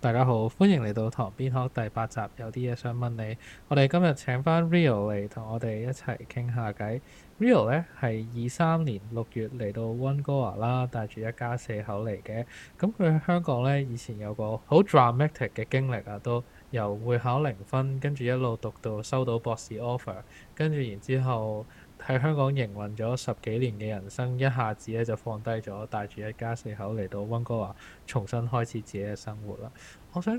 大家好，歡迎嚟到堂邊學第八集。有啲嘢想問你，我哋今日請翻 Rio 嚟同我哋一齊傾下偈。Rio 咧，係二三年六月嚟到溫哥華啦，帶住一家四口嚟嘅。咁佢喺香港咧，以前有個好 dramatic 嘅經歷啊，都由會考零分，跟住一路讀到收到博士 offer，跟住然之後。喺香港營運咗十幾年嘅人生，一下子咧就放低咗，帶住一家四口嚟到温哥華，重新開始自己嘅生活啦。我想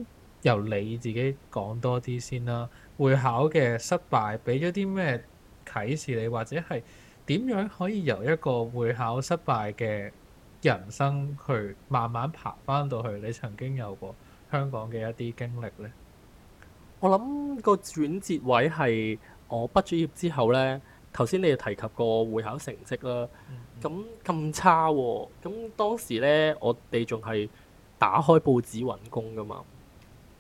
由你自己講多啲先啦。會考嘅失敗俾咗啲咩啟示你，或者係點樣可以由一個會考失敗嘅人生去慢慢爬返到去？你曾經有過香港嘅一啲經歷呢？我諗個轉折位係我畢咗業之後咧。頭先你又提及個會考成績啦，咁咁、嗯嗯、差喎、啊，咁當時咧我哋仲係打開報紙揾工噶嘛，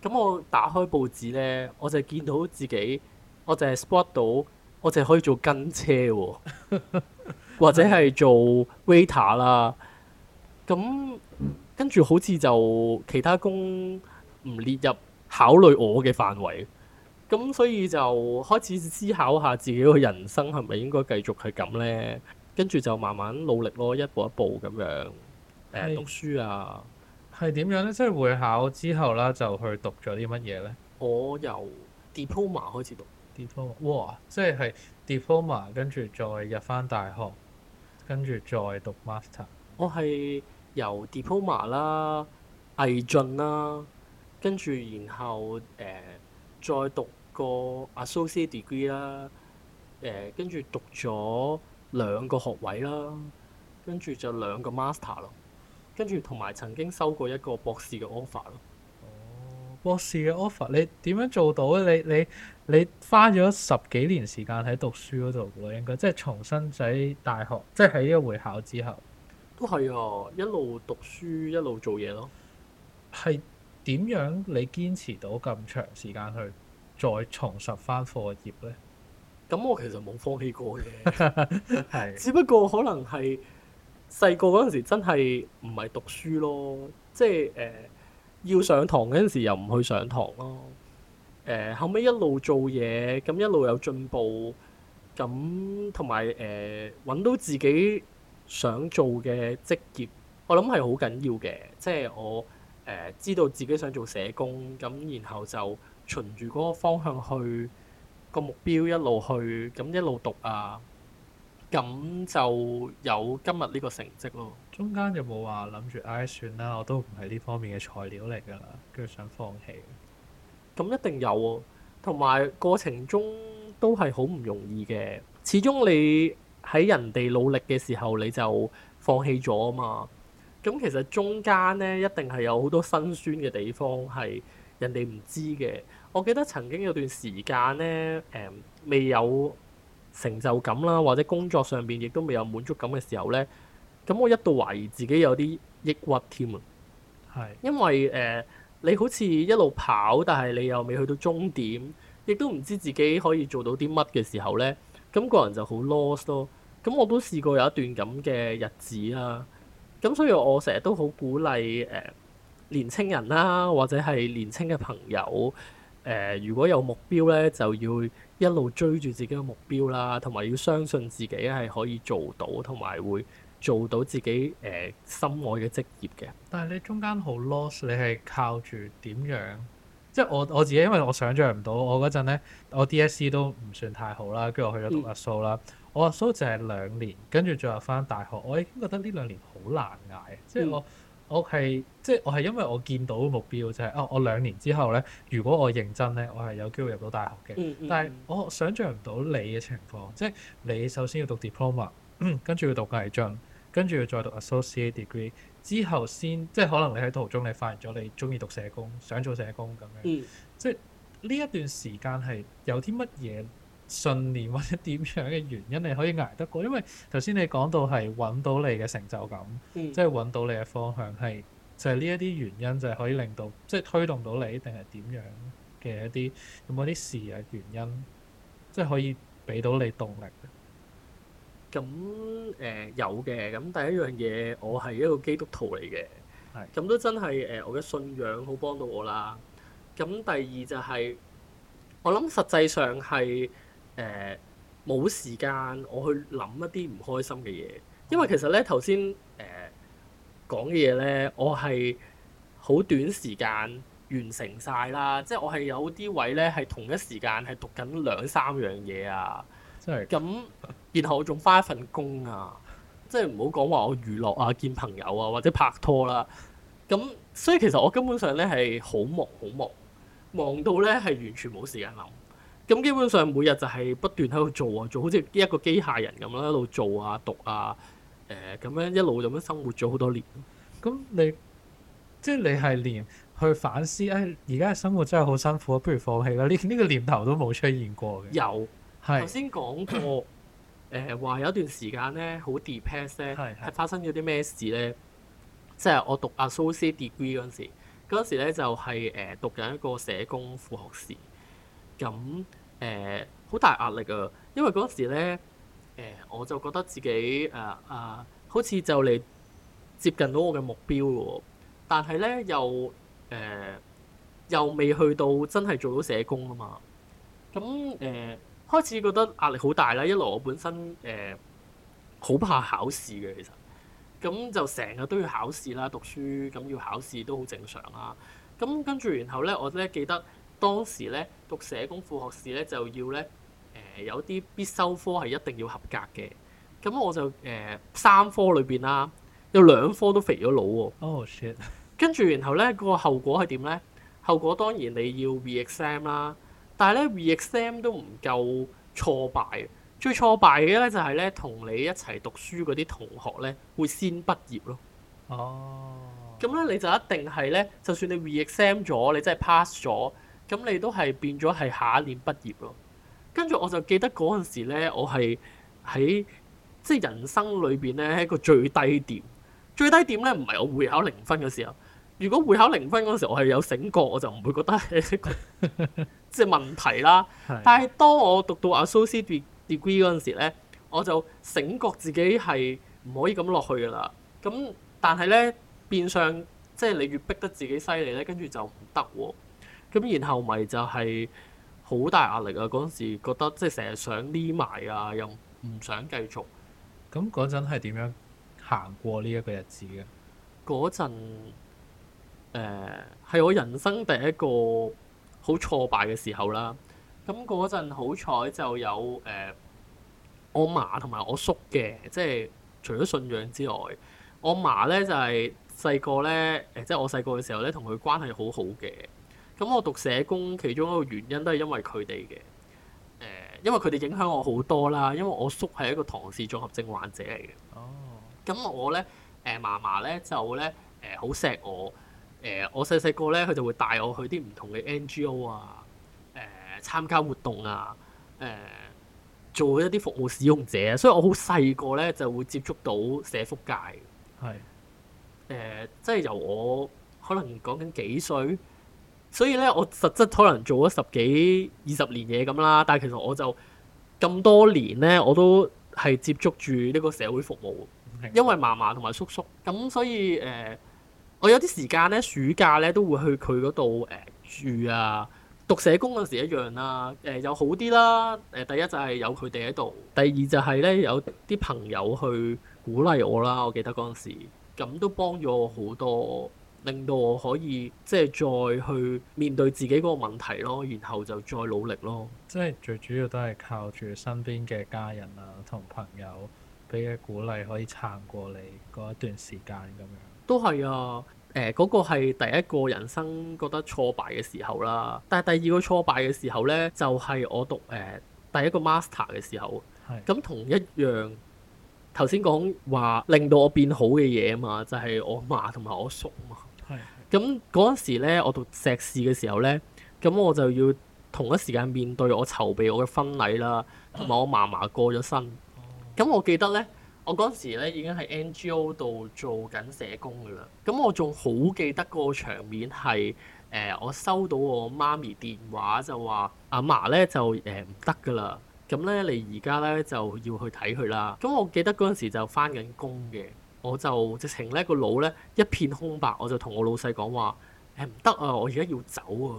咁我打開報紙咧，我就係見到自己，我就係 spot 到，我就係可以做跟車喎、啊， 或者係做 waiter 啦、啊，咁跟住好似就其他工唔列入考慮我嘅範圍。咁所以就開始思考下自己嘅人生係咪應該繼續係咁咧？跟住就慢慢努力咯，一步一步咁樣誒、欸、讀書啊，係點樣咧？即係會考之後啦，就去讀咗啲乜嘢咧？我由 diploma 開始讀 diploma，哇！即係 diploma，跟住再入返大學，跟住再讀 master。我係由 diploma 啦、毅進啦，跟住然後誒、呃、再讀。個 associate degree 啦、呃，誒跟住讀咗兩個學位啦，跟住就兩個 master 咯，跟住同埋曾經收過一個博士嘅 offer 咯、哦。博士嘅 offer，你點樣做到咧？你你你花咗十幾年時間喺讀書嗰度喎，應該即係重新喺大學，即係喺一會考之後都係啊，一路讀書一路做嘢咯。係點樣你堅持到咁長時間去？再重拾返課業咧，咁我其實冇放棄過嘅 是，只不過可能係細個嗰陣時真係唔係讀書咯，即係誒、呃、要上堂嗰陣時又唔去上堂咯。誒、呃、後尾一路做嘢，咁一路有進步，咁同埋誒揾到自己想做嘅職業，我諗係好緊要嘅。即係我誒、呃、知道自己想做社工，咁然後就，循住嗰個方向去個目標，一路去咁一路讀啊，咁就有今日呢個成績咯。中間有冇話諗住唉算啦，我都唔係呢方面嘅材料嚟㗎喇，跟住想放棄？咁一定有喎，同埋過程中都係好唔容易嘅。始終你喺人哋努力嘅時候，你就放棄咗吖嘛。咁其實中間呢，一定係有好多辛酸嘅地方，係人哋唔知嘅。我記得曾經有段時間咧，誒、嗯、未有成就感啦，或者工作上邊亦都未有滿足感嘅時候咧，咁我一度懷疑自己有啲抑鬱添啊。係是，因為誒、呃、你好似一路跑，但係你又未去到終點，亦都唔知自己可以做到啲乜嘅時候咧，咁、那個人就好 lost 咯。咁我都試過有一段咁嘅日子啦、啊。咁所以我成日都好鼓勵誒、呃、年輕人啦、啊，或者係年輕嘅朋友。誒、呃，如果有目標咧，就要一路追住自己嘅目標啦，同埋要相信自己係可以做到，同埋會做到自己誒、呃、心愛嘅職業嘅。但係你中間好 loss，你係靠住點樣？即係我我自己，因為我想像唔到，我嗰陣咧，我 DSE 都唔算太好啦，跟住、嗯、我去咗讀阿蘇啦。嗯、我阿蘇淨係兩年，跟住最後入翻大學，我已經覺得呢兩年好難捱，即係我。嗯我係即係我係因為我見到目標就係，是，啊我兩年之後咧，如果我認真咧，我係有機會入到大學嘅。但係我想象唔到你嘅情況，即係你首先要讀 diploma，跟住要讀毅進，跟住要再讀 associate degree，之後先即係可能你喺途中你發現咗你鍾意讀社工，想做社工咁樣。嗯、即係呢一段時間係有啲乜嘢？信念或者點樣嘅原因，你可以捱得過？因為頭先你講到係揾到你嘅成就感，嗯、即係揾到你嘅方向，係就係呢一啲原因，就係可以令到即係推動到你，定係點樣嘅一啲有冇啲事啊？原因即係可以俾到你動力。咁誒、嗯呃、有嘅咁第一樣嘢，我係一個基督徒嚟嘅，咁係都真係誒、呃，我嘅信仰好幫到我啦。咁第二就係、係、我諗，實際上係。誒冇、呃、時間我去諗一啲唔開心嘅嘢，因為其實咧頭先誒講嘅嘢咧，我係好短時間完成晒啦，即係我係有啲位咧係同一時間係讀緊兩三樣嘢啊，咁即係然後我仲返一份工啊，即係唔好講話我娛樂啊、見朋友啊或者拍拖啦，咁所以其實我根本上咧係好忙好忙，忙到咧係完全冇時間諗。咁基本上每日就係不斷喺度做啊，做好似一個機械人咁樣，一路做啊讀啊，誒、呃、咁樣一路咁樣生活咗好多年。咁你即係你係連去反思，誒而家嘅生活真係好辛苦，啊，不如放棄啦。呢、這、呢個念頭都冇出現過嘅。有，頭先講過誒話、 呃、有一段時間咧好 depress 咧，係是發生咗啲咩事咧？即係我讀 associate degree 嗰陣時，嗰陣時咧就係、是、誒、呃、讀緊一個社工副學士。咁誒好大壓力啊！因為嗰時咧，誒、呃、我就覺得自己誒啊、呃呃，好似就嚟接近到我嘅目標喎，但係咧又誒、呃、又未去到真係做到社工啊嘛。咁誒、呃、開始覺得壓力好大啦，一來我本身誒好、呃、怕考試嘅，其實咁就成日都要考試啦，讀書咁要考試都好正常啦。咁跟住然後咧，我咧記得。當時咧讀社工副學士咧就要咧誒、呃、有啲必修科係一定要合格嘅，咁我就誒、呃、三科裏邊啦，有兩科都肥咗腦喎。Oh, shit！跟住然後咧嗰、那個後果係點咧？後果當然你要 reexam 啦，am, 但係但係咧 reexam 都唔夠挫敗，最挫敗嘅咧就係咧同你一齊讀書嗰啲同學咧會先畢業咯。哦，咁咧你就一定係咧，就算你 reexam 咗，你真係 pass 咗。咁你都係變咗係下一年畢業咯，跟住我就記得嗰陣時咧，我係喺即係人生裏邊咧一個最低點，最低點咧唔係我會考零分嘅時候，如果會考零分嗰陣時我係有醒覺，我就唔會覺得係 即係問題啦。但係當我讀到 associate degree 嗰陣時咧，我就醒覺自己係唔可以咁落去噶啦。咁但係咧變相即係你越逼得自己犀利咧，跟住就唔得喎。咁然後咪就係好大壓力啊！嗰陣時覺得即係成日想匿埋啊，又唔想繼續。咁嗰陣係點樣行過呢一個日子嘅？嗰陣誒係我人生第一個好挫敗嘅時候啦。咁嗰陣好彩就有誒、呃、我嫲同埋我叔嘅，即係除咗信仰之外，我嫲咧就係細個咧誒，即係我細個嘅時候咧，同佢關係好好嘅。咁我讀社工，其中一個原因都係因為佢哋嘅，誒、呃，因為佢哋影響我好多啦。因為我叔係一個唐氏綜合症患者嚟嘅。哦。咁我咧，誒嫲嫲咧就咧，誒好錫我。誒、呃，我細細個咧，佢就會帶我去啲唔同嘅 NGO 啊，誒、呃、參加活動啊，誒、呃、做一啲服務使用者。所以我好細個咧就會接觸到社福界。係。誒、呃，即係由我可能講緊幾歲？所以咧，我實質可能做咗十幾二十年嘢咁啦，但係其實我就咁多年咧，我都係接觸住呢個社會服務，因為嫲嫲同埋叔叔咁，所以誒、呃，我有啲時間咧，暑假咧都會去佢嗰度誒住啊，讀社工嗰時一樣啦，誒又好啲啦，誒第一就係有佢哋喺度，第二就係咧有啲朋友去鼓勵我啦，我記得嗰陣時，咁都幫咗我好多。令到我可以即係再去面對自己嗰個問題咯，然後就再努力咯。即係最主要都係靠住身邊嘅家人啊，同朋友俾嘅鼓勵可以撐過嚟，嗰一段時間，咁樣都係啊，誒、呃嗰個係第一個人生覺得挫敗嘅時候啦，但係第二個挫敗嘅時候咧，就係、是、我讀誒、呃、第一個 master 嘅時候。係咁是同一樣頭先講話令到我變好嘅嘢啊嘛，就係、是、我媽同埋我叔啊嘛。係，咁嗰陣時咧，我讀碩士嘅時候咧，咁我就要同一時間面對我籌備我嘅婚禮啦，同埋我嫲嫲過咗身。咁我記得咧，我嗰陣時咧已經喺 NGO 度做緊社工㗎啦。咁我仲好記得個場面係誒、呃，我收到我媽咪電話就話：阿嫲咧就誒唔得㗎啦。咁、呃、咧你而家咧就要去睇佢啦。咁我記得嗰陣時就返緊工嘅。我就直情咧、個腦咧一片空白，我就同我老細講話：誒唔得啊，我而家要走啊！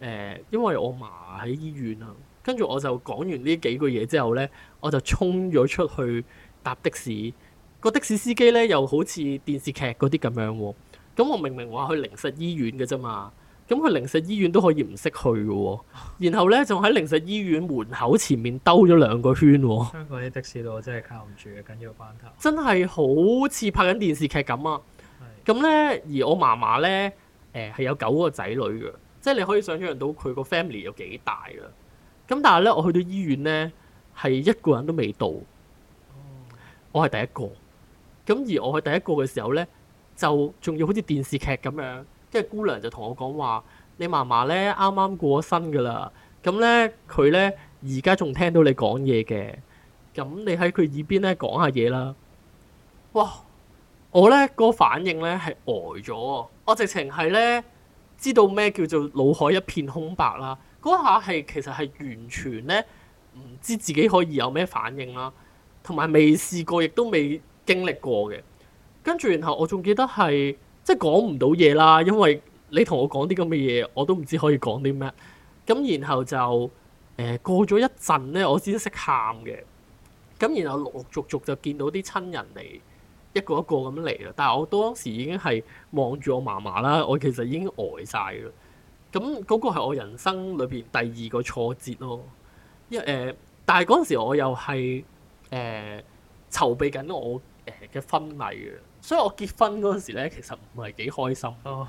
誒、欸，因為我嫲喺醫院啊。跟住我就講完呢幾句嘢之後咧，我就衝咗出去搭的士。個的士司機咧又好似電視劇嗰啲咁樣喎、啊。咁我明明話去靈實醫院嘅啫嘛。咁佢零食醫院都可以唔識去嘅喎、哦，然後咧仲喺零食醫院門口前面兜咗兩個圈喎、哦。香港啲的，的士佬真係靠唔住，緊要關頭。真係好似拍緊電視劇咁啊！咁咧是的，而我嫲嫲咧，誒、呃、係有九個仔女嘅，即係你可以想象到佢個 family 有幾大啦。咁但係咧，我去到醫院咧，係一個人都未到。我係第一個。咁而我去第一個嘅時候咧，就仲要好似電視劇咁樣。即姑娘就同我講話，你嫲嫲咧啱啱過身噶啦，咁咧佢咧而家仲聽到你講嘢嘅，咁你喺佢耳邊咧講下嘢啦。哇！我咧個反應咧係呆咗，我直情係咧知道咩叫做腦海一片空白啦。嗰下係其實係完全咧唔知自己可以有咩反應啦，同埋未試過亦都未經歷過嘅。跟住然後我仲記得係。即係講唔到嘢啦，因為你同我講啲咁嘅嘢，我都唔知可以講啲咩。咁然後就誒、呃、過咗一陣咧，我先識喊嘅。咁然後陸陸續續就見到啲親人嚟，一個一個咁嚟啦。但係我當時已經係望住我嫲嫲啦，我其實已經呆晒啦。咁、嗯、嗰、嗰個係我人生裏邊第二個挫折咯。因為、呃、但係嗰陣時我又係誒籌備緊我誒嘅婚禮嘅。所以我結婚嗰陣時咧，其實唔係幾開心咯，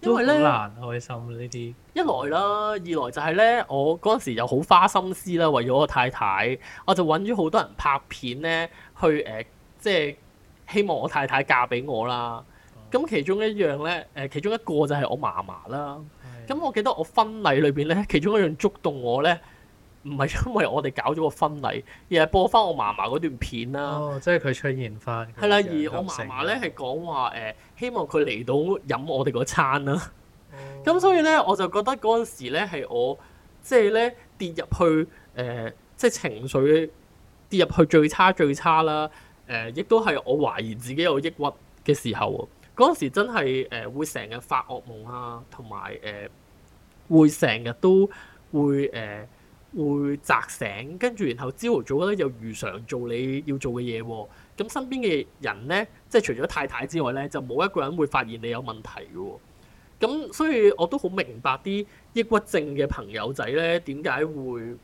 因為咧，好難開心呢啲。一來啦，二來就係咧，我嗰陣時又好花心思啦，為咗我太太，我就搵咗好多人拍片咧，去誒、呃，即係希望我太太嫁俾我啦。咁、哦、其中一樣咧，誒、呃，其中一個就係我嫲嫲啦。咁、哦、我記得我婚禮裏邊咧，其中一樣觸動我咧。唔係因為我哋搞咗個婚禮，而係播翻我嫲嫲嗰段片啦、啊。哦，即係佢出現翻。係啦，而我嫲嫲咧係講話誒、呃，希望佢嚟到飲我哋嗰餐啦。哦、 嗯。咁所以咧，我就覺得嗰陣時咧係我即係咧跌入去誒，即、呃、係、就是、情緒跌入去最差最差啦。誒、呃，亦都係我懷疑自己有抑鬱嘅時候喎。嗰陣時真係誒、呃、會成日發噩夢啊，同埋誒會成日都會誒。呃呃呃會扎醒，跟住然後朝頭早咧又如常做你要做嘅嘢喎。咁身邊嘅人咧，即係除咗太太之外咧，就冇一個人會發現你有問題嘅喎。咁所以我都好明白啲抑鬱症嘅朋友仔咧，點解會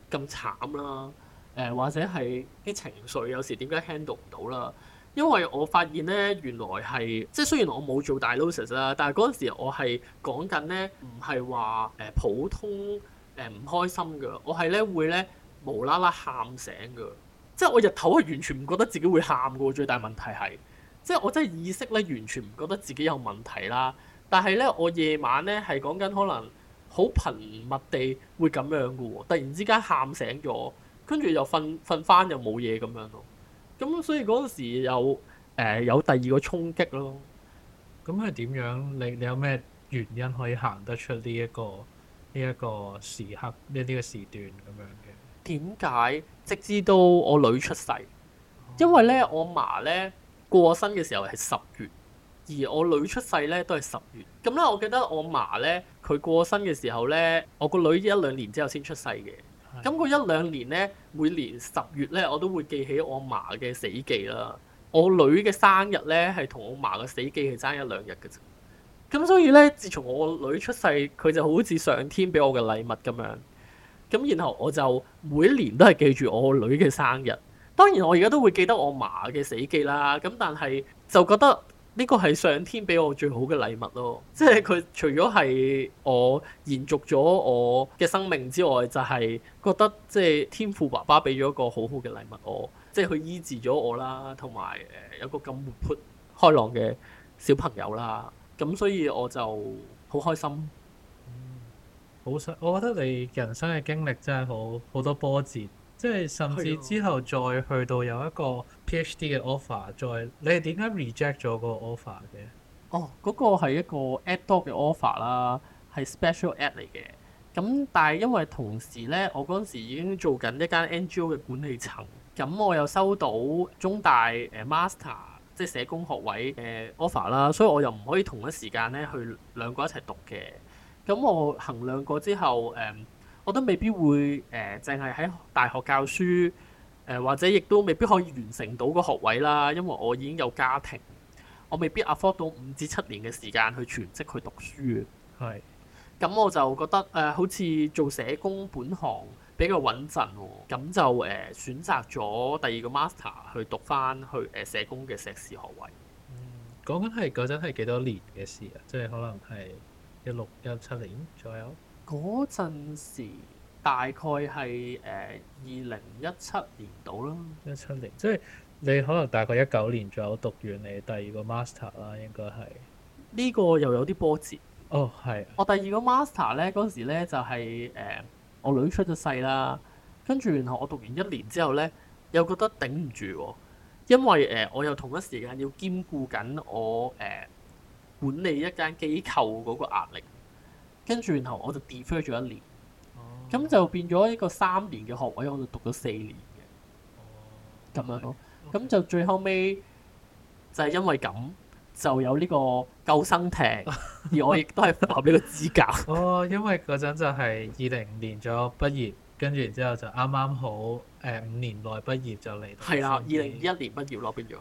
咁慘啦？誒、呃、或者係啲情緒有時點解 handle 唔到啦？因為我發現咧，原來係即係雖然我冇做大 losses 啦，但係嗰陣時我係講緊咧，唔係話誒普通。誒唔、呃、開心嘅，我係咧會咧無啦啦喊醒嘅，即係我日頭係完全唔覺得自己會喊嘅喎。最大問題係，即係我真係意識咧完全唔覺得自己有問題啦。但係咧我夜晚咧係講緊可能好頻密地會咁樣嘅喎，突然之間喊醒咗，跟住又瞓瞓翻又冇嘢咁樣咯。咁所以嗰陣時有、呃、有第二個衝擊咯。咁係點樣？你你有咩原因可以行得出呢、這、一個？呢一個時刻，呢、這、呢個時段咁樣嘅。點解直至到我女出世？因為咧，我阿嫲咧過身嘅時候係十月，而我女出世咧都係十月。咁咧，我記得我阿嫲咧佢過身嘅時候咧，我個女一兩年之後先出世嘅。咁佢是的 一兩年咧，每年十月咧，我都會記起我阿嫲嘅死忌啦。我女嘅生日咧係同我阿嫲嘅死忌係爭一兩日嘅啫。咁所以咧，自從我個女出世，佢就好似上天俾我嘅禮物咁樣。咁然後我就每年都係記住我個女嘅生日。當然我而家都會記得我媽嘅死記啦。咁但係就覺得呢個係上天俾我最好嘅禮物咯。即係佢除咗係我延續咗我嘅生命之外，就係覺得即係天父爸爸俾咗一個好好嘅禮物我，即係佢醫治咗我啦，同埋誒有個咁活潑開朗嘅小朋友啦。咁所以我就好開心，好想、嗯、我覺得你人生嘅經歷真係好好多波折，即係甚至之後再去到有一個 PhD 嘅 offer，再你係點解 reject 咗個 offer 嘅？哦，嗰、嗰個係一個 EdD 嘅 offer 啦，係 special ed 嚟嘅。咁但係因為同時咧，我嗰陣時已經做緊一間 NGO 嘅管理層，咁我又收到中大誒、呃、Master。即社工學位誒 offer 啦，所以我又唔可以同一時間咧去兩個一齊讀嘅。咁我衡量過之後，誒、呃，我覺得未必會誒，淨係喺大學教書誒、呃，或者亦都未必可以完成到個學位啦，因為我已經有家庭，我未必 afford 到五至七年嘅時間去全職去讀書。係是。咁我就覺得誒、呃，好似做社工本行。比較穩陣喎，咁就誒、呃、選擇咗第二個 master 去讀翻去誒、呃、社工嘅碩士學位。嗯，講緊係嗰陣係幾多年嘅事啊？即係可能係一六一七年左右。嗰陣時大概係誒二零一七年到啦，一七年，即係你可能大概一九年左右讀完你第二個 master 啦，應該係。呢個又有啲波折。哦，係、啊。我第二個 master 咧嗰陣時咧就係、是、誒。呃我女出咗世啦，跟住然後我讀完一年之後咧，又覺得頂唔住，因為誒、呃、我又同一時間要兼顧緊我誒、呃、管理一間機構嗰個壓力，跟住然後我就 defer 咗一年，咁就變咗一個三年嘅學位，我就讀咗四年嘅，咁樣咯，咁就最後尾就係因為咁。就有呢個救生艇，而我亦都係符合呢個資格。 哦，因為嗰陣就係二零年咗畢業，跟住然之後就啱啱好誒呃、五年內畢業就嚟到。係啦，二零二一年畢業咯，變咗。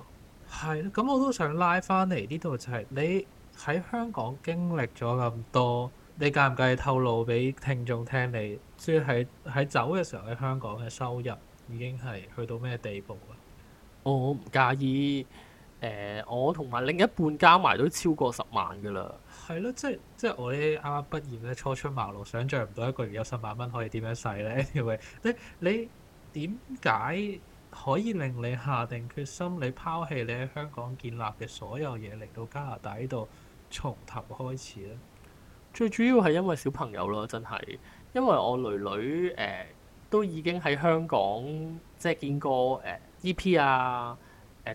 係，咁我都想拉翻嚟呢度，就係你喺香港經歷咗咁多，你介唔介意透露俾聽眾聽你，即係喺走嘅時候喺香港嘅收入已經係去到咩地步啊？哦，我唔介意。誒、呃，我同埋另一半加埋都超過十萬噶啦。係咯，即係即係我哋啱啱畢業咧，初出茅廬，想像唔到一個月有十萬蚊可以點樣使咧。你你點解可以令你下定決心，你拋棄你喺香港建立嘅所有嘢，嚟到加拿大呢度從頭開始咧？最主要係因為小朋友咯，真係，因為我女女誒、呃、都已經喺香港即係見過誒、呃、EP 啊。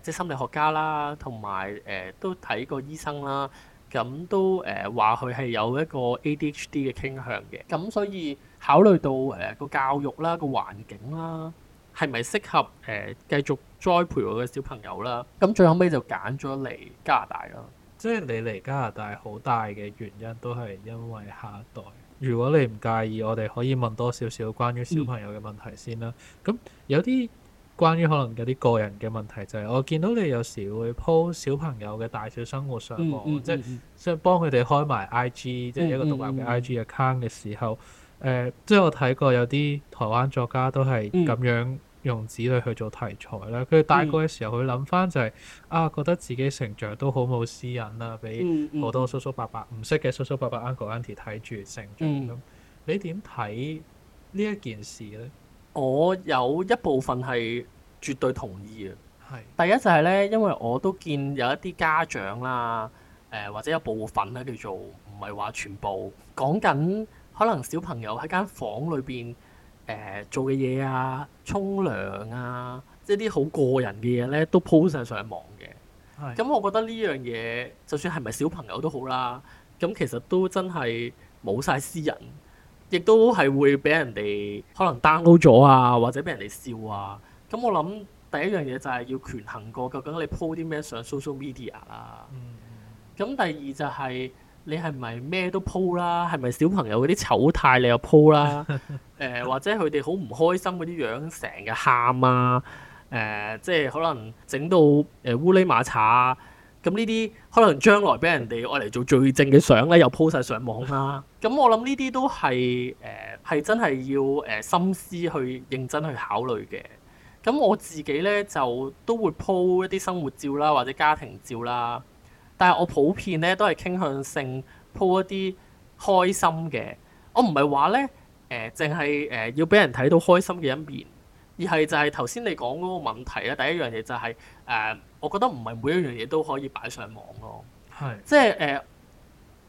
誒，即係心理學家啦，同埋誒都睇過醫生啦，咁都誒話佢係有一個 ADHD 嘅傾向嘅。咁所以考慮到誒個、呃、教育啦、個環境啦，係咪適合誒、呃、繼續栽培我嘅小朋友啦？咁最後尾就揀咗嚟加拿大咯。即係你嚟加拿大好大嘅原因，都係因為下一代。如果你唔介意，我哋可以問多少少關於小朋友嘅問題先啦。咁、嗯、有啲。關於可能有啲個人嘅問題，就係我見到你有時會 po 小朋友嘅大小生活上網，嗯嗯嗯、即係幫佢哋開埋 IG，嗯嗯、即係一個獨立嘅 IG account 嘅時候，誒、呃，即係我睇過有啲台灣作家都係咁樣用子女去做題材啦。佢哋、嗯、大個嘅時候，佢諗翻就係、是、啊，覺得自己成長都好冇私隱啦，俾好多叔叔伯伯唔識嘅叔叔伯伯 uncle auntie 睇住成長咁。嗯、你點睇呢一件事咧？我有一部分係絕對同意嘅。係的。第一就係咧，因為我都見有一啲家長啦，誒、呃、或者有部分咧叫做唔係話全部講緊，可能小朋友喺間房裏邊誒做嘅嘢啊、沖涼啊，即係啲好個人嘅嘢咧，都 po 晒上網嘅。係的。咁我覺得呢樣嘢，就算係咪小朋友都好啦，咁其實都真係冇晒私人。亦都係會俾人哋可能 download 咗啊，或者俾人哋笑啊。咁我諗第一樣嘢就係要權衡過究竟你 po 啲咩上 social media 啊。咁第二就係你係咪咩都 po 啦？係咪小朋友嗰啲醜態你又 po 啦？誒、呃、或者佢哋好唔開心嗰啲樣成日喊啊？誒、呃、即係可能整到誒烏哩馬茶咁呢啲可能將來俾人哋愛嚟做罪證嘅相咧，又 po 晒上網啦。咁 我諗呢啲都係誒係真係要誒、呃、深思去認真去考慮嘅。咁我自己咧就都會 po 一啲生活照啦，或者家庭照啦。但係我普遍咧都係傾向性 po 一啲開心嘅。我唔係話咧誒，淨係誒要俾人睇到開心嘅一面，而係就係頭先你講嗰個問題咧。第一樣嘢就係、是、誒。呃我覺得唔係每一樣嘢都可以擺上網咯，係是的 即係誒、呃，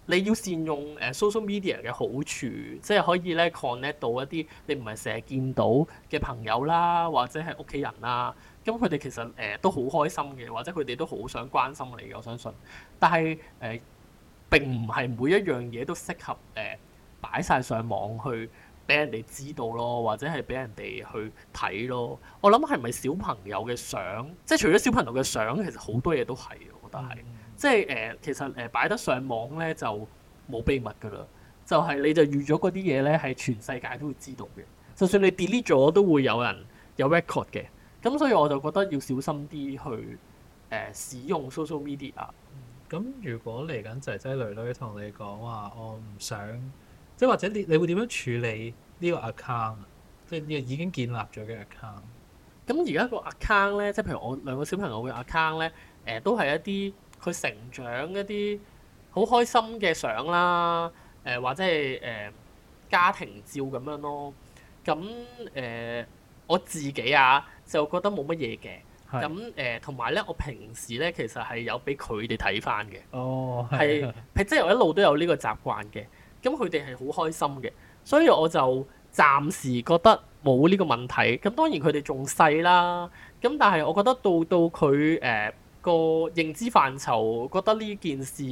你要善用誒 social media 嘅好處，即係可以咧 connect 到一啲你唔係成日見到嘅朋友啦，或者係屋企人啦，咁佢哋其實誒、呃、都好開心嘅，或者佢哋都好想關心你嘅，我相信。但係誒、呃、並唔係每一樣嘢都適合誒擺晒上網去。俾人哋知道咯，或者係俾人哋去睇咯。我諗係咪小朋友嘅相？即係除咗小朋友嘅相，其實好多嘢都係。我覺得係，即係誒、呃，其實誒，擺得上網咧就冇秘密噶啦。就係、是、你就預咗嗰啲嘢咧，係全世界都會知道嘅。就算你 delete 咗，都會有人有 record 嘅。咁所以我就覺得要小心啲去誒、呃、使用 social media。咁、嗯、如果嚟緊仔仔女女同你講話，我唔想。即係或者你你會點樣處理呢個 account 啊？即係呢個已經建立咗嘅 account。咁而家個 account 咧，即係譬如我兩個小朋友嘅 account 咧，誒、呃、都係一啲佢成長一啲好開心嘅相啦，誒、呃、或者係誒、呃、家庭照咁樣咯。咁誒、呃、我自己啊就覺得冇乜嘢嘅。咁誒同埋咧，我平時咧其實係有俾佢哋睇返嘅。哦，係，係即係我一路都有呢個習慣嘅。咁佢哋係好開心嘅，所以我就暫時覺得冇呢個問題。咁當然佢哋仲細啦，咁但係我覺得到到佢誒、呃、個認知範疇，覺得呢件事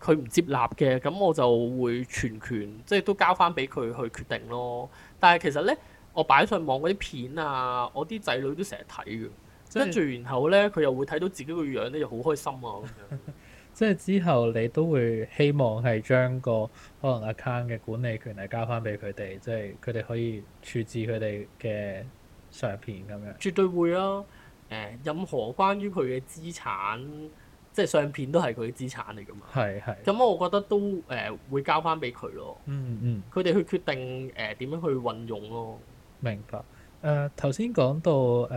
佢唔接納嘅，咁我就會全權即係都交翻俾佢去決定咯。但係其實咧，我擺上網嗰啲片啊，我啲仔女都成日睇嘅，跟住、嗯、然後咧，佢又會睇到自己個樣咧，又好開心啊咁樣。 即係之後，你都會希望係將個可能 account 嘅管理權係交翻俾佢哋，即係佢哋可以處置佢哋嘅相片咁樣。絕對會咯，誒、呃，任何關於佢嘅資產，即係相片都係佢嘅資產嚟㗎嘛。係係是。咁我覺得都誒、呃、會交翻俾佢咯。嗯嗯。佢哋去決定誒點、呃、樣去運用咯。明白。誒頭先講到誒，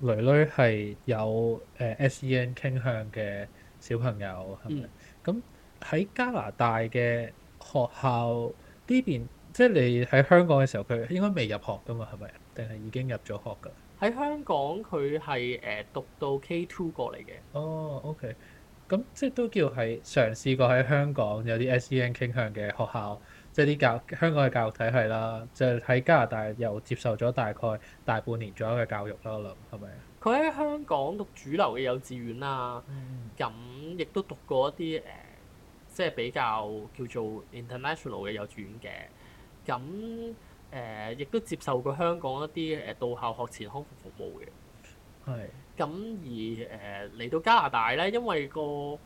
雷雷係有誒 SEN 傾向嘅。小朋友係咪？咁喺、嗯、加拿大嘅學校呢邊，即係你喺香港嘅時候，佢應該未入學噶嘛？係咪？定係已經入咗學噶？喺香港佢係誒讀到 K2 過嚟嘅。哦，OK。咁即係都叫係嘗試過喺香港有啲 SEN 傾向嘅學校，即係啲教香港嘅教育體系啦。就喺加拿大又接受咗大概大半年左右嘅教育啦，我諗係咪？佢喺香港讀主流嘅幼稚園啦，咁、嗯、亦都讀過一啲誒、呃，即係比較叫做 international 嘅幼稚園嘅，咁誒、呃、亦都接受過香港一啲誒到校學前康復服務嘅。係、嗯。咁而誒嚟、呃、到加拿大咧，因為個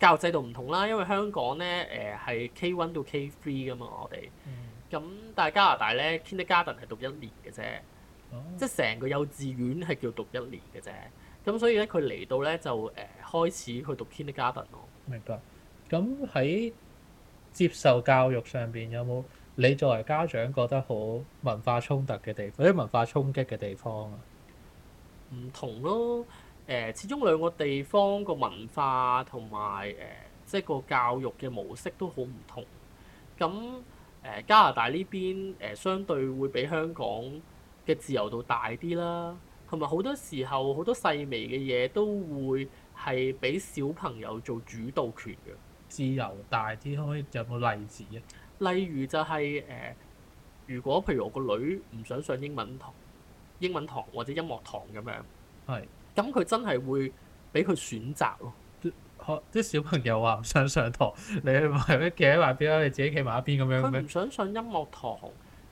教育制度唔同啦，因為香港咧誒係 K one 到 K three 㗎嘛，我哋。嗯。咁但係加拿大咧，kindergarten 係讀一年嘅啫。即係成個幼稚園係叫讀一年嘅啫，咁所以咧，佢嚟到咧就誒開始去讀 Kindergarten 咯。明白。咁喺接受教育上邊有冇你作為家長覺得好文化衝突嘅地方，或者文化衝擊嘅地方啊？唔同咯，誒、呃，始終兩個地方個文化同埋誒，即係個教育嘅模式都好唔同。咁誒、呃、加拿大呢邊誒、呃，相對會比香港嘅自由度大啲啦，同埋好多時候好多細微嘅嘢都會係俾小朋友做主導權嘅。自由大啲，可以有冇例子啊？例如就係、是、誒、呃，如果譬如我個女唔想上英文堂、英文堂或者音樂堂咁樣，係咁佢真係會俾佢選擇咯。啲小朋友話唔想上堂，你係咪企喺埋邊啦？你自己企埋一邊咁樣，佢唔想上音樂堂。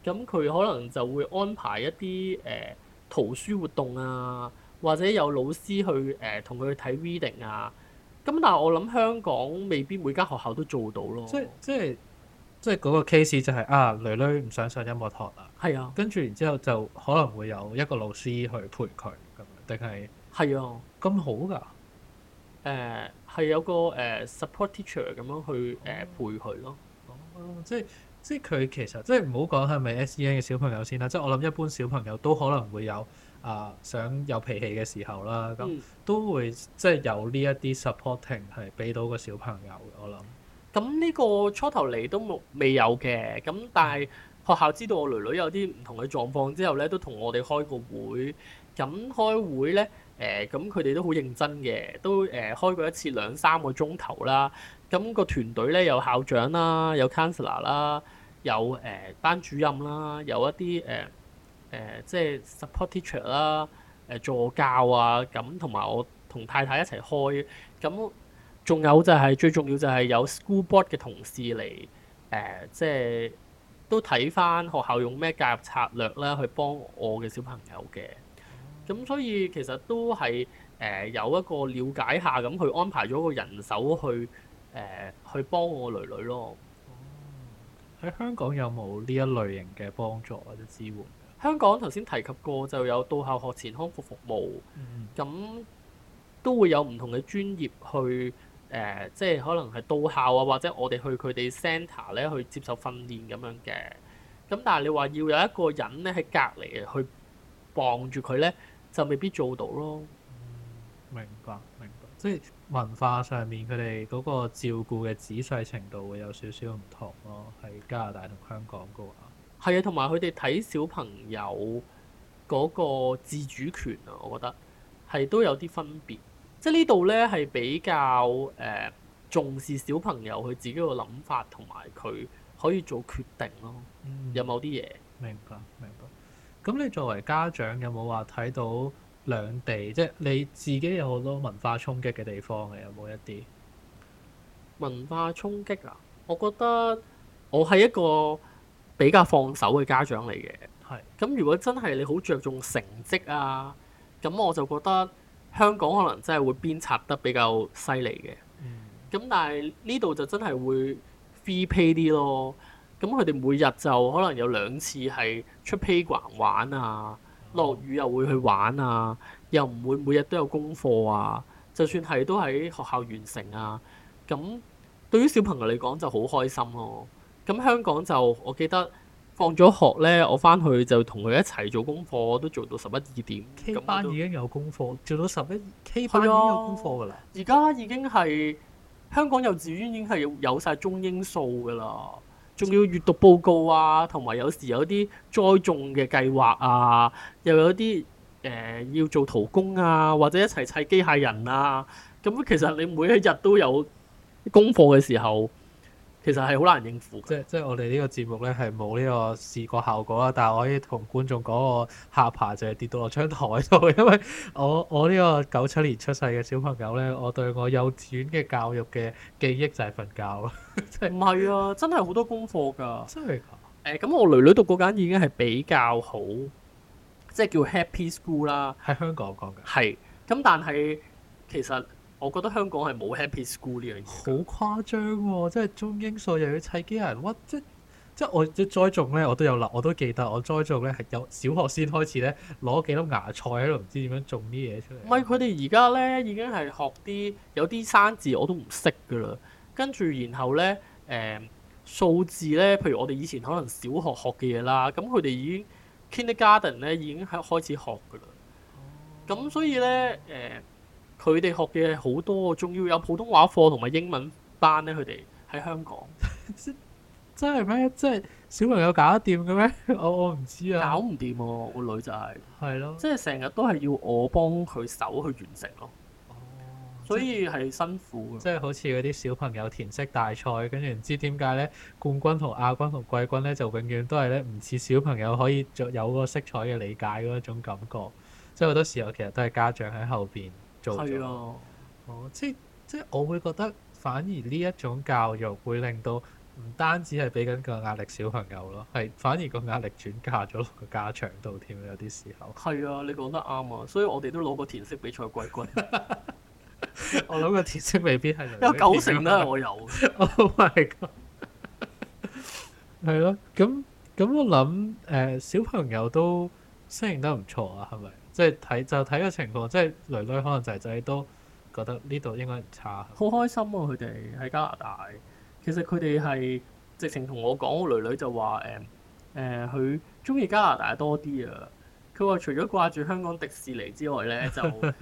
咁佢可能就會安排一啲誒、呃、圖書活動啊，或者有老師去誒同佢去睇 reading 啊。咁但係我諗香港未必每間學校都做到咯。即即即嗰個 case 就係、是、啊，女女唔想上音樂課啦。係啊，跟住然之後就可能會有一個老師去陪佢咁，定係係啊咁好噶？誒係、呃、有個誒、呃、support teacher 咁樣去誒、哦呃、陪佢咯。哦，即係。即係佢其實即係唔好講係咪 SEN 嘅小朋友先啦，即係我諗一般小朋友都可能會有啊、呃、想有脾氣嘅時候啦，咁、嗯、都會即係有呢一啲 supporting 係俾到個小朋友，我諗。咁呢個初頭嚟都未有嘅，咁但係學校知道我女女有啲唔同嘅狀況之後咧，都同我哋開個會。咁開會咧，誒咁佢哋都好認真嘅，都誒、呃、開過一次兩三個鐘頭啦。咁個團隊咧，有校長啦，有 counselor 啦，有誒、呃、班主任啦，有一啲誒誒即係 support teacher 啦，誒、呃、助教啊。咁同埋我同太太一齊開。咁仲有就係、是、最重要就係有 school board 嘅同事嚟誒、呃，即係都睇翻學校用咩教育策略啦，去幫我嘅小朋友嘅。咁所以其實都係誒、呃、有一個了解下咁，去安排咗個人手去。誒去幫我女女咯。喺、哦、香港有冇呢一類型嘅幫助或者支援？香港頭先提及過就有到校學前康復服，服務，咁、嗯、都會有唔同嘅專業去誒、呃，即係可能係到校啊，或者我哋去佢哋 centre 咧去接受訓練咁樣嘅。咁但係你話要有一個人咧喺隔離去傍住佢咧，就未必做到咯。嗯、明白，明白，即係。文化上面佢哋嗰個照顧嘅仔細程度會有少少唔同咯，喺加拿大同香港嘅話，係啊，同埋佢哋睇小朋友嗰個自主權啊，我覺得係都有啲分別，即係呢度咧係比較誒、呃、重視小朋友佢自己嘅諗法同埋佢可以做決定咯，有冇啲嘢。嗯，明白，明白。咁你作為家長有冇話睇到？兩地即係你自己有好多文化衝擊嘅地方嘅，有冇一啲文化衝擊啊？我覺得我係一個比較放手嘅家長嚟嘅，係是。咁如果真係你好着重成績啊，咁我就覺得香港可能真係會鞭策得比較犀利嘅。咁、嗯、但係呢度就真係會 free play 啲咯。咁佢哋每日就可能有兩次係出 playground 玩，玩啊。落雨又會去玩啊，又唔會每日都有功課啊。就算係都喺學校完成啊。咁對於小朋友嚟講就好開心咯、啊。咁香港就我記得放咗學咧，我翻去就同佢一齊做功課，都做到十一二點。K 班，我 K 班已經有功課，做到十一。K 班、啊、已經有功課㗎啦。而家已經係香港幼稚園已經係有晒中英數㗎啦。仲要閱讀報告啊，同埋有時有啲栽種嘅計劃啊，又有啲誒、呃、要做圖工啊，或者一齊砌機械人啊，咁其實你每一日都有功課嘅時候。其實係好難應付嘅，即即我哋呢個節目咧係冇呢個視覺效果啦，但係我可以同觀眾講我下巴就係跌到落窗台度，因為我我呢個九七年出世嘅小朋友咧，我對我幼稚園嘅教育嘅記憶就係瞓覺啦，即唔係啊，真係好多功課㗎，真係㗎、啊，誒咁、欸、我女女讀嗰間已經係比較好，即叫 Happy School 啦，喺香港講嘅，係，咁但係其實。我覺得香港係冇 Happy School 呢樣嘢，好誇張喎、哦！即係中英數又要砌機器人，屈，即即我即栽種咧，我都有啦，我都記得我栽種咧係有小學先開始咧攞幾粒芽菜喺度，唔知點樣種啲嘢出嚟。唔係佢哋而家咧已經係學啲有啲生字我都唔識噶啦，跟住然後咧誒、呃、數字咧，譬如我哋以前可能小學學嘅嘢啦，咁佢哋已經 Kindergarten 咧已經係開始學噶啦。咁所以咧誒。呃佢哋學嘅好多，仲要有普通話課同埋英文班咧。佢哋喺香港， 真係咩？真係小朋友搞得掂嘅咩？我我唔知啊，搞唔掂喎個女就係，係，係咯的，即係成日都係要我幫佢手去完成咯。哦，所以係辛苦嘅，即係好似嗰啲小朋友填色大賽，跟住唔知點解咧，冠軍同亞軍同季軍咧就永遠都係咧，唔似小朋友可以有個色彩嘅理解嗰種感覺。即係好多時候其實都係家長喺後邊。做咗，啊、哦，即係即係，我會覺得反而呢一種教育會令到唔單止係俾緊個壓力小朋友咯，係反而個壓力轉嫁咗個家長度添，有啲時候。係啊，你講得啱啊，所以我哋都攞個填色比賽冠軍。 我諗個填色未必係，有， 有九成都、啊、係我有。 oh my god！係咯，咁 咁、啊、我諗，誒、呃，小朋友都適應得唔錯啊，係咪？即係睇就睇個情況，即、就、係、是、女女可能仔仔都覺得呢度應該唔差。好開心啊。佢哋喺加拿大，其實佢哋係直情同我講，個女女就話誒誒，佢中意加拿大多啲啊！佢話除咗掛住香港迪士尼之外咧，就誒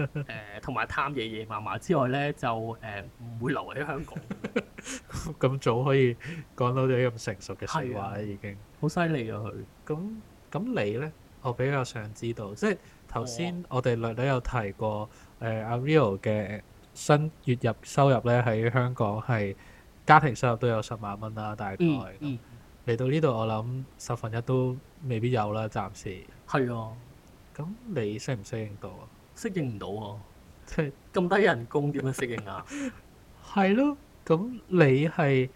同埋貪爺爺嫲嫲之外咧，就誒唔、嗯、會留喺香港。咁 早可以講到啲咁成熟嘅説話、 啊、已經好犀利啊！佢咁咁你咧，我比較想知道即係。頭先我哋略略有提過，誒、啊、阿 Rio 嘅新月入收入咧喺香港係家庭收入都有十萬蚊啦，大概嚟、嗯嗯、到呢度，我諗十分一都未必有啦，暫時係啊，咁你適唔適應到啊？適應唔到啊？即係咁低人工點樣適應 啊？係咯，咁你係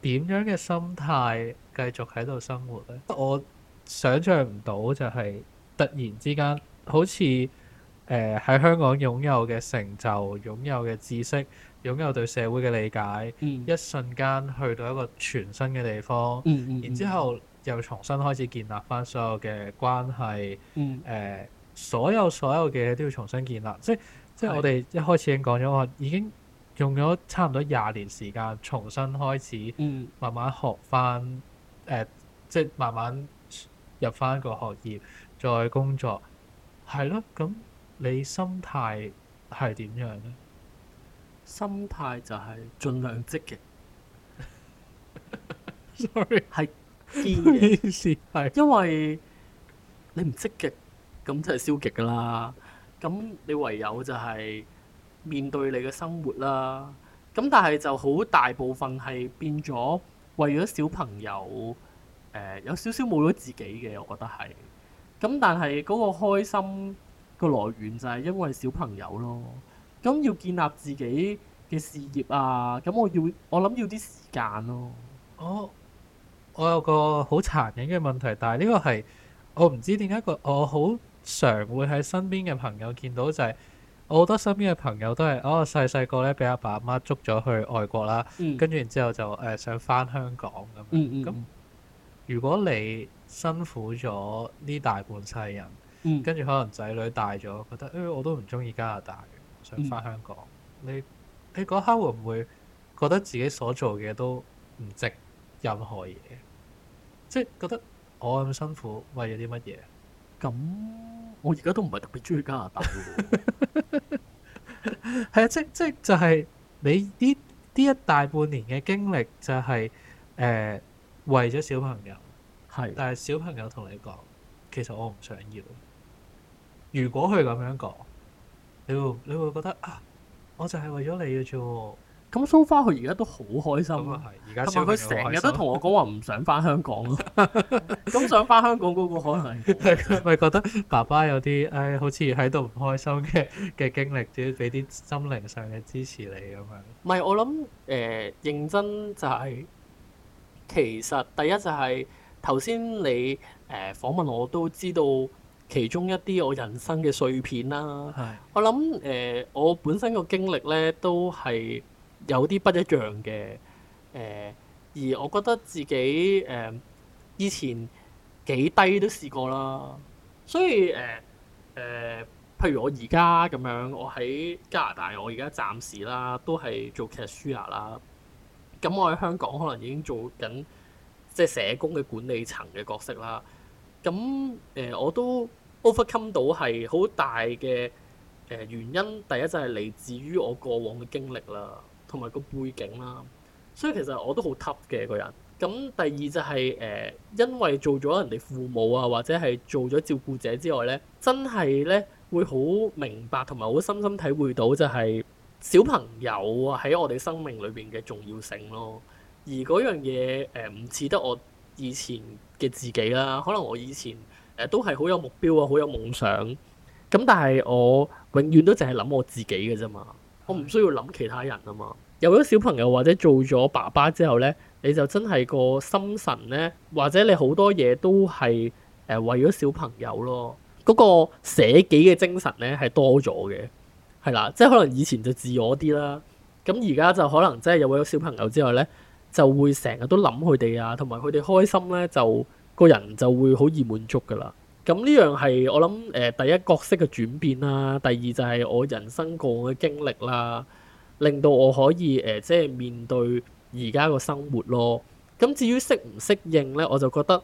點樣嘅心態繼續喺度生活咧？我想像唔到就係突然之間。好似誒喺香港擁有嘅成就、擁有嘅知識、擁有對社會嘅理解，嗯、一瞬間去到一個全新嘅地方，嗯嗯、然之後又重新開始建立翻所有嘅關係，誒、嗯呃、所有所有嘅嘢都要重新建立，即係即係我哋一開始已經講咗，我是已經用咗差唔多廿年時間重新開始，慢慢學翻誒、嗯呃，即係慢慢入翻個學業，再工作。係咯，咁你心態係點樣咧？心態就係盡量積極 sorry 是。sorry，係啲係，因為你唔積極，咁即係消極噶啦。咁你唯有就係面對你嘅生活啦。咁但係就好大部分係變咗，為咗小朋友，誒、呃、有少少冇咗自己嘅，我覺得係。咁但係嗰個開心個來源就係因為小朋友咯。咁要建立自己嘅事業啊，咁我要我諗要啲時間咯。我、哦、我有個好殘忍嘅問題，但係呢個係我唔知點解個我好常會喺身邊嘅朋友見到就係、是、我好多身邊嘅朋友都係哦細細個咧俾阿爸阿媽，媽捉咗去外國啦，嗯、跟住然之後就誒、呃、想翻香港咁。如果你辛苦咗呢大半世人，跟住、嗯、可能仔女大咗，覺得誒、欸、我都唔中意加拿大，想翻香港。嗯、你你嗰刻會唔會覺得自己所做嘅都唔值任何嘢？即係覺得我咁辛苦，為咗啲乜嘢？咁、嗯、我而家都唔係特別中意加拿大。係 啊，即即就係你呢呢一大半年嘅經歷、就係，就係誒。為咗小朋友，係的，但係小朋友同你講，其實我唔想要。如果佢咁樣講，嗯、你會你會覺得啊，我就係為咗你嘅啫喎。咁 so far 佢而家都好開心，啊係，而家佢成日都同我講話唔想翻香港咯。咁想翻香港嗰、那個可能係咪覺得爸爸有啲唉、哎，好似喺度唔開心嘅嘅 經歷，要俾啲心靈上嘅支持你咁樣？唔係，我諗誒、呃、認真就係。其實第一就係頭先你誒、呃、訪問我都知道其中一啲我人生嘅碎片啦，啊。係唉。我諗誒、呃，我本身個經歷咧都係有啲不一樣嘅誒、呃，而我覺得自己誒、呃、以前幾低都試過啦。所以誒誒、呃呃，譬如我而家咁樣，我喺加拿大，我而家暫時啦都係做劇評啦。咁我喺香港可能已經做緊即係社工嘅管理層嘅角色啦。咁誒、呃、我都 overcome 到係好大嘅誒、呃、原因。第一就係嚟自於我過往嘅經歷啦，同埋個背景啦。所以其實我都好 tough 嘅個人。咁第二就係、是、誒、呃，因為做咗人哋父母啊，或者係做咗照顧者之外咧，真係咧會好明白同埋好深深體會到就係、是。小朋友喺、啊、我哋生命裏邊嘅重要性咯，而嗰樣嘢誒唔似得我以前嘅自己啦。可能我以前誒、呃、都係好有目標啊，好有夢想。咁但係我永遠都淨係諗我自己嘅啫嘛，嗯、我唔需要諗其他人啊嘛。有咗小朋友或者做咗爸爸之後咧，你就真係個心神咧，或者你好多嘢都係誒、呃、為咗小朋友咯。嗰、那個捨己嘅精神咧係多咗嘅。係啦，即係可能以前就自我啲啦，咁而家就可能即係有咗小朋友之外咧，就會成日都諗佢哋啊，同埋佢哋開心咧，就個人就會好易滿足噶啦。咁呢樣係我諗誒、呃、第一角色嘅轉變啦，第二就係我人生過往嘅經歷啦，令到我可以誒、呃、即係面對而家個生活咯。咁至於適唔適應咧，我就覺得誒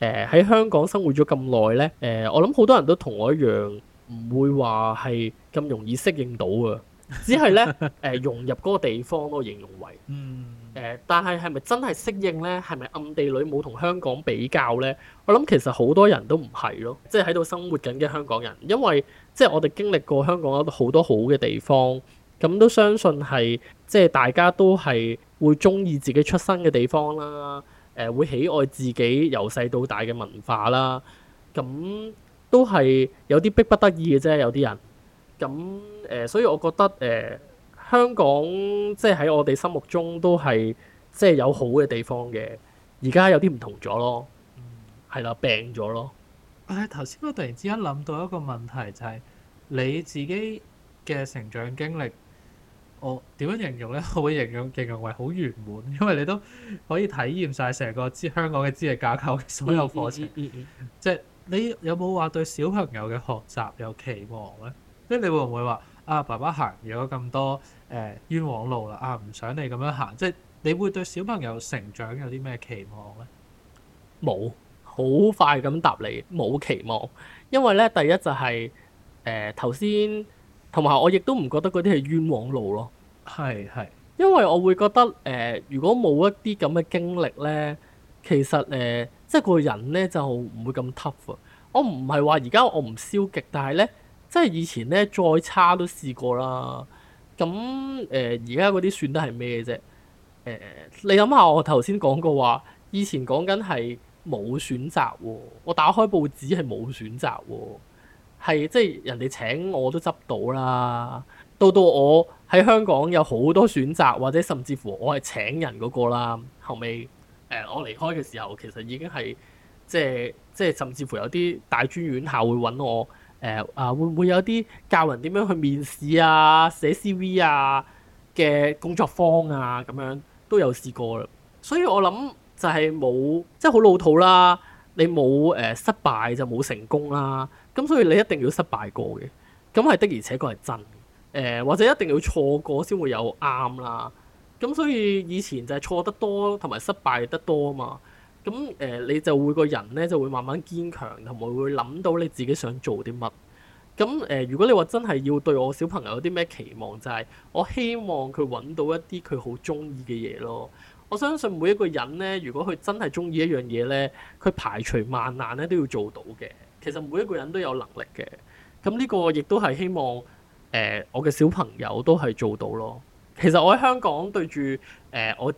喺、呃、香港生活咗咁耐咧，誒、呃、我諗好多人都同我一樣。唔會話係咁容易適應到啊。只係咧，誒、融入嗰個地方我形容為，誒、呃、但係係咪真係適應咧？係咪暗地裏冇同香港比較咧？我諗其實好多人都唔係咯，即係喺度生活緊嘅香港人，因為即係我哋經歷過香港好多好嘅地方，咁都相信係即係大家都係會中意自己出生嘅地方啦，誒、呃、會喜愛自己由細到大嘅文化啦，咁。都係有啲逼不得已嘅啫，有啲人咁誒、呃，所以我覺得誒、呃、香港即係喺我哋心目中都係即係有好嘅地方嘅，而家有啲唔同咗咯，係啦、嗯，病咗咯。誒頭先我突然之間諗到一個問題，就係、是、你自己嘅成長經歷，我點樣形容呢？我會形容形容為好圓滿，因為你都可以體驗晒成個資香港嘅資歷架構所有課程，即係、嗯。嗯嗯嗯嗯嗯你有冇話對小朋友嘅學習有期望呢？即係你會唔會話啊爸爸，行咗咁多、呃、冤枉路啦？啊唔想你咁樣行，即係你會對小朋友成長有啲咩期望呢？冇，好快咁答你，冇期望。因為呢，第一就係誒頭先，同、呃、埋我亦都唔覺得嗰啲係冤枉路咯。係係，因為我會覺得誒、呃，如果冇一啲咁嘅經歷呢，其實誒。呃即係個人咧就唔會咁 tough 啊！我唔係話而家我唔消極，但係咧，即係以前咧再差都試過啦。咁誒而家嗰啲算得係咩啫？誒、呃呃、你諗下我頭先講過話，以前講緊係冇選擇喎，我打開報紙係冇選擇喎，係即係人哋請我都執到啦。到到我喺香港有好多選擇，或者甚至乎我係請人嗰個啦。後尾。誒，我離開嘅時候，其實已經係即係即係，甚至乎有啲大專院校會揾我誒啊、呃，會唔會有啲教人點樣去面試啊、寫 CV 啊嘅工作坊啊咁樣都有試過啦。所以我諗就係冇即係好老土啦，你冇誒、呃、失敗就冇成功啦，咁所以你一定要失敗過嘅，咁係的而且確係真嘅、呃，或者一定要錯過先會有啱啦。咁所以以前就係錯得多同埋失敗得多啊嘛，咁誒、呃、你就會個人咧就會慢慢堅強同埋會諗到你自己想做啲乜，咁誒、呃、如果你話真係要對我小朋友有啲咩期望，就係、是、我希望佢揾到一啲佢好中意嘅嘢咯。我相信每一個人咧，如果佢真係中意一樣嘢咧，佢排除萬難咧都要做到嘅。其實每一個人都有能力嘅，咁呢個亦都係希望誒、呃、我嘅小朋友都係做到咯。其實我喺香港對住誒、呃、我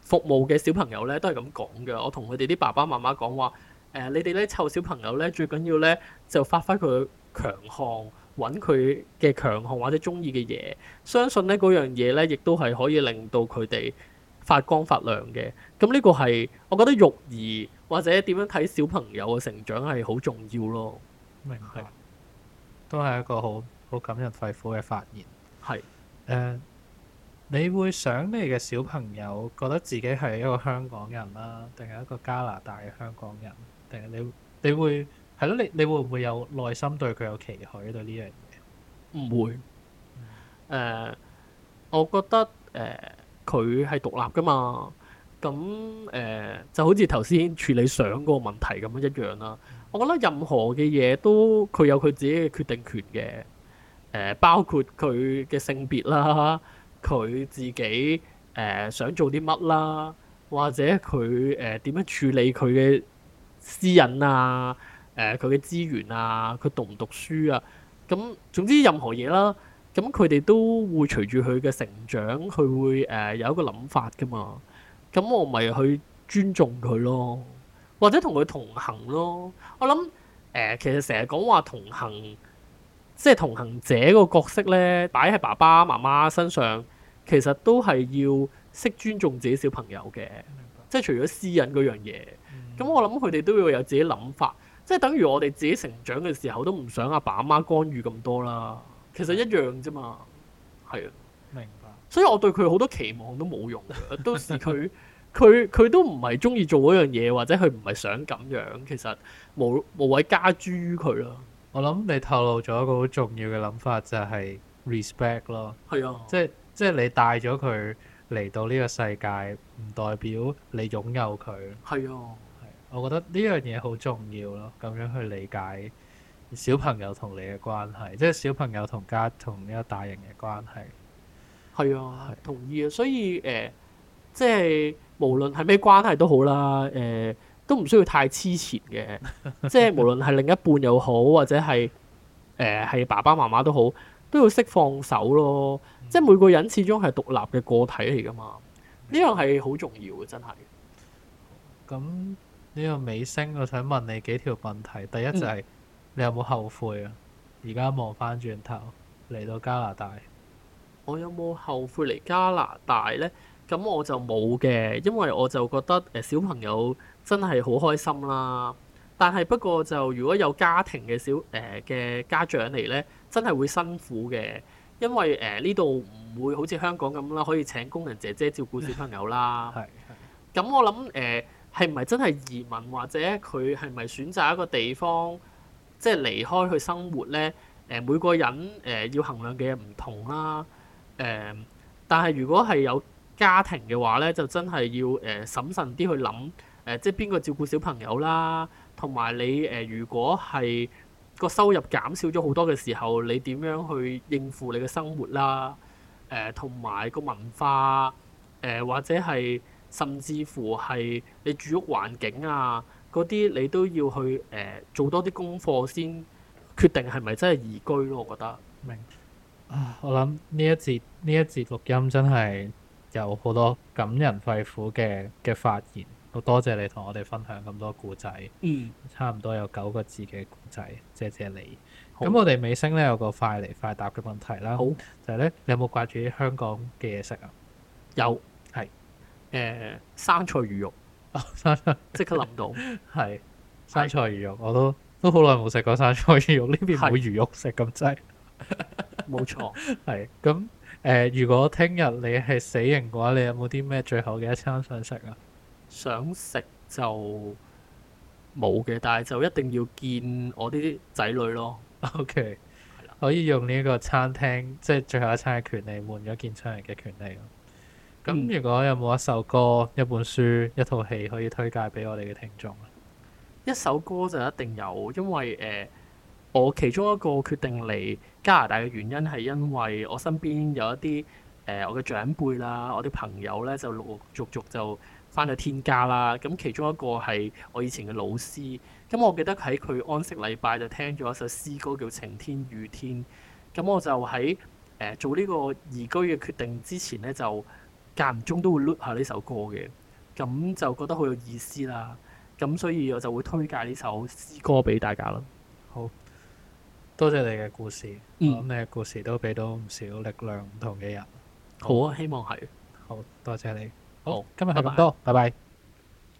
服務嘅小朋友咧，都係咁講嘅。我同佢哋啲爸爸媽媽講話，誒、呃，你哋咧湊小朋友咧，最緊要咧就發揮佢強項，揾佢嘅強項或者中意嘅嘢。相信咧嗰樣嘢咧，亦都係可以令到佢哋發光發亮嘅。咁呢個係我覺得育兒或者點樣睇小朋友嘅成長係好重要咯。明白，是都係一個好好感人肺腑嘅發言。係誒是。Uh, 你會想你嘅小朋友覺得自己係一個香港人啦，定係一個加拿大嘅香港人？定係你？你會係咯？你你會唔會有內心對佢有期許對呢樣嘢？唔會、嗯。誒、嗯呃，我覺得誒，佢、呃、係獨立㗎嘛。咁誒、呃，就好似頭先處理上嗰個問題咁樣一樣啦。我覺得任何嘅嘢都佢有佢自己嘅決定權嘅。誒、呃，包括佢嘅性別啦。佢自己誒、呃、想做啲乜啦，或者佢誒點樣處理佢嘅私隱啊、誒佢嘅資源啊、佢讀唔讀書啊，咁、嗯、總之任何嘢啦，咁佢哋都會隨住佢嘅成長，佢會誒、呃、有一個諗法噶嘛，咁、嗯、我咪去尊重佢咯，或者同佢同行咯。我諗誒、呃、其實成日講話同行，即係同行者個角色咧，擺喺爸爸媽媽身上。其實都係要識尊重自己小朋友嘅，即係除咗私隱嗰樣嘢，咁、嗯、我諗佢哋都會有自己諗法，即係等於我哋自己成長嘅時候都唔想阿爸阿媽干預咁多啦。其實一樣啫嘛，係啊，明白。所以我對佢好多期望都冇用，到時佢佢佢都唔係中意做嗰樣嘢，或者佢唔係想咁樣，其實無無謂加諸於佢咯。我諗你透露咗一個好重要嘅諗法就係、是、respect 咯，係、哦、 啊，即係。即係你帶咗佢嚟到呢個世界，唔代表你擁有佢。係啊，我覺得呢樣嘢好重要咯。咁樣去理解小朋友同你嘅關係，即係小朋友同家同呢個大人嘅關係。係啊，是同意啊。所以誒、呃，即係無論係咩關係都好啦。誒、呃，都唔需要太黐纏嘅。 即係無論係另一半又好，或者係誒係爸爸媽媽都好。都要識放手咯，即係每個人始終係獨立嘅個體嚟噶嘛，呢樣係好重要嘅，真係。咁呢、這個尾聲，我想問你幾條問題。第一就係、是嗯、你有冇後悔啊？而家望翻轉頭嚟到加拿大，我有冇後悔嚟加拿大呢？咁我就冇嘅，因為我就覺得誒、呃、小朋友真係好開心啦。但係不過就如果有家庭嘅小誒嘅、呃、家長嚟呢。真係會辛苦嘅，因為誒呢度唔會好似香港咁啦，可以請工人姐姐照顧小朋友啦。係， 咁我諗誒係唔係真係移民或者佢係咪選擇一個地方，即係離開去生活咧？誒、呃、每個人誒、呃、要衡量嘅嘢唔同啦。誒、呃，但係如果係有家庭嘅話咧，就真係要誒、呃、審慎啲去諗誒、呃，即係邊個照顧小朋友啦？同埋你誒、呃，如果係，個收入減少咗好多嘅時候，你點樣去應付你嘅生活啦、啊？誒、呃，同埋個文化誒、呃，或者係甚至乎係你住屋環境啊，嗰啲你都要去誒、呃、做多啲功課先決定係咪真係宜居咯、啊？我覺得明啊，我諗呢一節呢一節錄音真係有好多感人肺腑嘅嘅發言。好多謝你同我哋分享咁多故仔，嗯，差唔多有九個字嘅故仔，謝謝你。咁好我哋尾聲咧有個快嚟快答嘅問題啦，好，就係咧，你有冇掛住香港嘅嘢食啊？有，係誒、欸、生菜魚肉，即、哦、 刻諗到，係生菜魚肉，我都都好耐冇食過生菜魚肉，呢邊冇是魚肉食咁滯，冇 錯，係。 咁誒、呃，如果聽日你係死刑嘅話，你有冇啲咩最後嘅一餐想食啊？想食就冇嘅，但係就一定要見我啲仔女咯。O、okay, K，可以用呢個餐廳，即、就、係、是、最後一餐嘅權利換咗見親人嘅權利。咁如果有冇一首歌、嗯、一本書、一套戲可以推介俾我哋嘅聽眾？咧？一首歌就一定有，因為誒、呃，我其中一個決定嚟加拿大嘅原因係因為我身邊有一啲誒、呃，我嘅長輩啦，我啲朋友咧就陸陸續續就。翻去天家啦，咁其中一個係我以前嘅老師，咁我記得喺佢安息禮拜就聽咗一首詩歌叫《晴天雨天》，咁我就喺誒、呃、做呢個移居嘅決定之前呢，就間唔中都會 look 下呢首歌嘅，咁就覺得好有意思啦，咁所以我就會推介呢首詩歌俾大家咯。好多謝你嘅故事，嗯，咩故事都俾到唔少力量唔同嘅人。嗯、好啊，希望係。好多謝你。好，今日係咁多，拜拜。